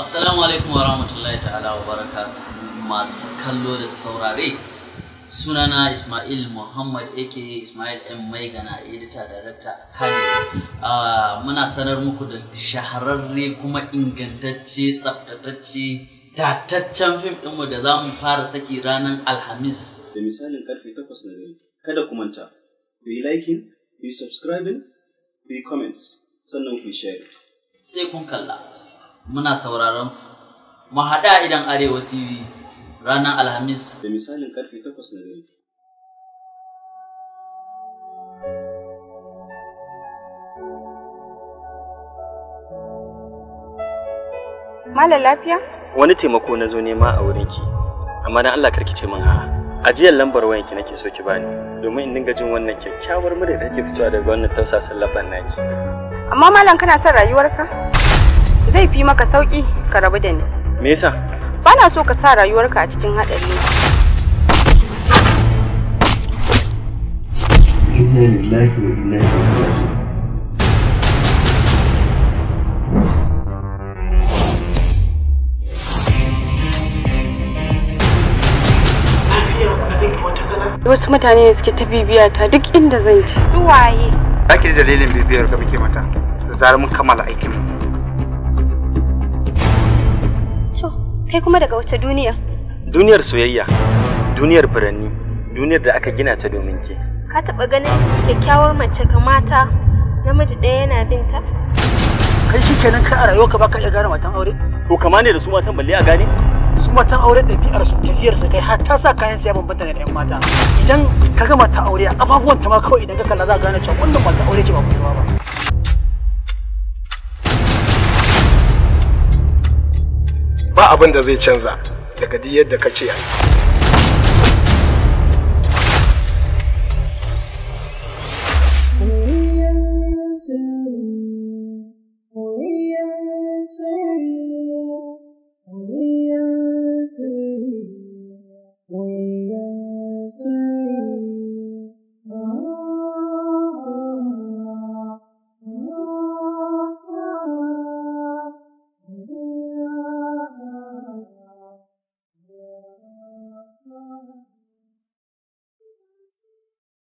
assalamu alaikum wa rahmatullahi ta'ala wa baraka masu kallo da saurare sunana ismail muhammad aka ismail m maigana editor director kano ah, muna sanar muku da shahararre kuma ingantacce tsaftatacce tataccen fim ɗinmu da za mu fara saki ranar alhamis da misalin karfe 8 na dare kada ku manta ku yi liking ku yi subscribing ku yi comments sannan ku yi sharing sai kun kalla muna sauraron ku mu haɗa idan arewa tv ranar alhamis da misalin karfe 8 na dare Mala lafiya? Wani taimako na zo nema a wurinki, amma dan Allah karki ce min a'a. Ajiyar lambar wayanki nake so ki bani, domin in dinga jin wannan kyakkyawar murya da take fitowa daga wannan tausasan laban naki. Amma malam kana son rayuwarka? Zai fi maka sauki ka rabu da ni. Me yasa? Bana so ka sa rayuwarka a cikin haɗari. Inna lillahi wa inna ilaihi raji'un. wasu mutane ne suke ta bibiya ta duk inda zan ci. Su waye? Za ji dalilin bibiyar ka muke mata. zara mun kammala aikin mu. Kai kuma daga wace duniya? Duniyar soyayya, duniyar furanni, duniyar da aka gina ta domin ke. Ka taɓa ganin kyakkyawar mace ka mata namiji ɗaya yana binta? Kai shi kenan ka a rayuwarka ba ka iya gane matan aure? To kama ne da su matan balle a gane? su matan aure ɗabi'ar su tafiyar su kai har ta sa kayan siya bambanta da 'yan mata idan ka gama ta aure ababuwan ta ma kawai idan ka kalla za a gane cewa wannan ba ta aure ce ba kuma ba ba abin da zai canza daga duk yadda ka ce Yeah.